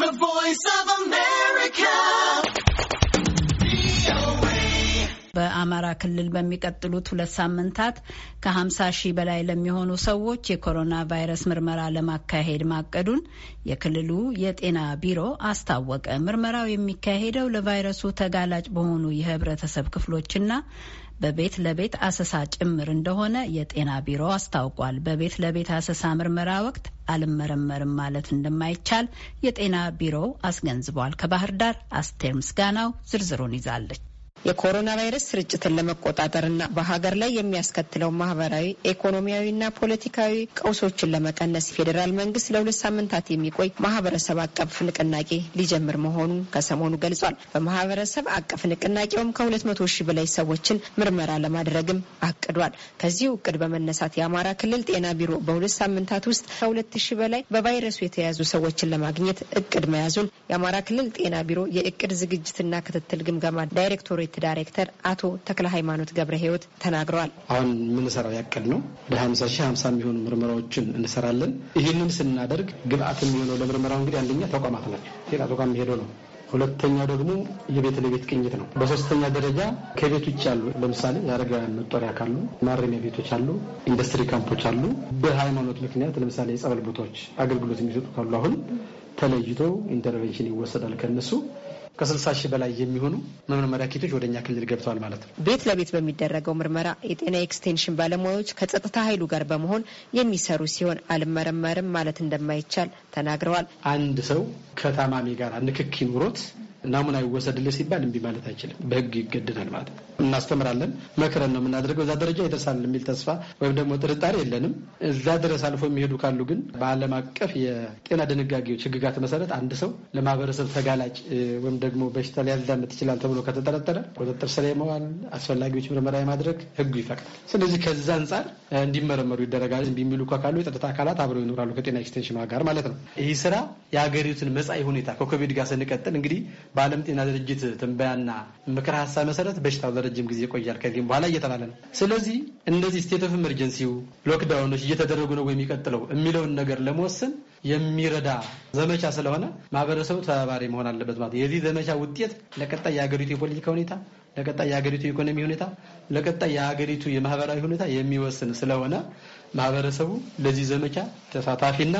The Voice of America. በአማራ ክልል በሚቀጥሉት ሁለት ሳምንታት ከ50 ሺህ በላይ ለሚሆኑ ሰዎች የኮሮና ቫይረስ ምርመራ ለማካሄድ ማቀዱን የክልሉ የጤና ቢሮ አስታወቀ። ምርመራው የሚካሄደው ለቫይረሱ ተጋላጭ በሆኑ የህብረተሰብ ክፍሎችና በቤት ለቤት አሰሳ ጭምር እንደሆነ የጤና ቢሮ አስታውቋል። በቤት ለቤት አሰሳ ምርመራ ወቅት አልመረመርም ማለት እንደማይቻል የጤና ቢሮው አስገንዝቧል። ከባህር ዳር አስቴር ምስጋናው ዝርዝሩን ይዛለች። የኮሮና ቫይረስ ስርጭትን ለመቆጣጠርና በሀገር ላይ የሚያስከትለው ማህበራዊ፣ ኢኮኖሚያዊና ፖለቲካዊ ቀውሶችን ለመቀነስ ፌዴራል መንግስት ለሁለት ሳምንታት የሚቆይ ማህበረሰብ አቀፍ ንቅናቄ ሊጀምር መሆኑን ከሰሞኑ ገልጿል። በማህበረሰብ አቀፍ ንቅናቄውም ከሁለት መቶ ሺህ በላይ ሰዎችን ምርመራ ለማድረግም አቅዷል። ከዚህ እቅድ በመነሳት የአማራ ክልል ጤና ቢሮ በሁለት ሳምንታት ውስጥ ከሁለት ሺህ በላይ በቫይረሱ የተያዙ ሰዎችን ለማግኘት እቅድ መያዙን የአማራ ክልል ጤና ቢሮ የእቅድ ዝግጅትና ክትትል ግምገማ ዳይሬክቶሬት ዳይሬክተር አቶ ተክለ ሃይማኖት ገብረ ህይወት ተናግረዋል። አሁን የምንሰራው ያክል ነው። ወደ ሀምሳ ሺህ ሀምሳ የሚሆኑ ምርመራዎችን እንሰራለን። ይህንን ስናደርግ ግብአት የሚሆነው ለምርመራው እንግዲህ አንደኛ ተቋማት ናቸው። ጤና ተቋም ሄዶ ነው ሁለተኛው ደግሞ የቤት ለቤት ቅኝት ነው። በሶስተኛ ደረጃ ከቤት ውጭ ያሉ ለምሳሌ የአረጋውያን መጦሪያ ካሉ፣ ማረሚያ ቤቶች አሉ፣ ኢንዱስትሪ ካምፖች አሉ፣ በሃይማኖት ምክንያት ለምሳሌ የጸበል ቦታዎች አገልግሎት የሚሰጡ ካሉ አሁን ተለይቶ ኢንተርቬንሽን ይወሰዳል ከነሱ ከ60 ሺህ በላይ የሚሆኑ መመርመሪያ ኪቶች ወደ እኛ ክልል ገብተዋል ማለት ነው። ቤት ለቤት በሚደረገው ምርመራ የጤና ኤክስቴንሽን ባለሙያዎች ከጸጥታ ኃይሉ ጋር በመሆን የሚሰሩ ሲሆን አልመረመርም ማለት እንደማይቻል ተናግረዋል። አንድ ሰው ከታማሚ ጋር ንክኪ ኑሮት ናሙና ይወሰድልህ ሲባል እምቢ ማለት አይችልም። በህግ ይገድናል ማለት ነው። እናስተምራለን፣ መክረን ነው የምናደርገው። እዛ ደረጃ ይደርሳል የሚል ተስፋ ወይም ደግሞ ጥርጣሬ የለንም። እዛ ድረስ አልፎ የሚሄዱ ካሉ ግን በዓለም አቀፍ የጤና ድንጋጌዎች ህግጋት መሰረት አንድ ሰው ለማህበረሰብ ተጋላጭ ወይም ደግሞ በሽታ ሊያዛምት ይችላል ተብሎ ከተጠረጠረ ቁጥጥር ስር የመዋል አስፈላጊዎች ምርመራ የማድረግ ህጉ ይፈቅዳል። ስለዚህ ከዛ አንጻር እንዲመረመሩ ይደረጋል። የሚሉ ካሉ የጸጥታ አካላት አብረው ይኖራሉ ከጤና ኤክስቴንሽኗ ጋር ማለት ነው። ይህ ስራ የሀገሪቱን መጻኢ ሁኔታ ከኮቪድ ጋር ስንቀጥል እንግዲህ በዓለም ጤና ድርጅት ትንበያና ምክር ሀሳብ መሰረት በሽታው ለረጅም ጊዜ ይቆያል ከዚህም በኋላ እየተባለ ነው። ስለዚህ እነዚህ ስቴት ኦፍ ኢመርጀንሲው ሎክዳውኖች እየተደረጉ ነው የሚቀጥለው የሚለውን ነገር ለመወሰን የሚረዳ ዘመቻ ስለሆነ ማህበረሰቡ ተባባሪ መሆን አለበት ማለት የዚህ ዘመቻ ውጤት ለቀጣይ የሀገሪቱ የፖለቲካ ሁኔታ ለቀጣይ የሀገሪቱ የኢኮኖሚ ሁኔታ ለቀጣይ የሀገሪቱ የማህበራዊ ሁኔታ የሚወስን ስለሆነ ማህበረሰቡ ለዚህ ዘመቻ ተሳታፊና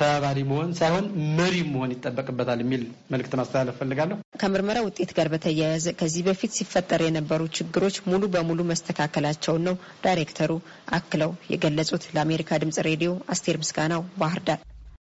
ተባባሪ መሆን ሳይሆን መሪ መሆን ይጠበቅበታል የሚል መልእክት ማስተላለፍ ፈልጋለሁ። ከምርመራ ውጤት ጋር በተያያዘ ከዚህ በፊት ሲፈጠር የነበሩ ችግሮች ሙሉ በሙሉ መስተካከላቸውን ነው ዳይሬክተሩ አክለው የገለጹት። ለአሜሪካ ድምጽ ሬዲዮ አስቴር ምስጋናው ባህር ዳር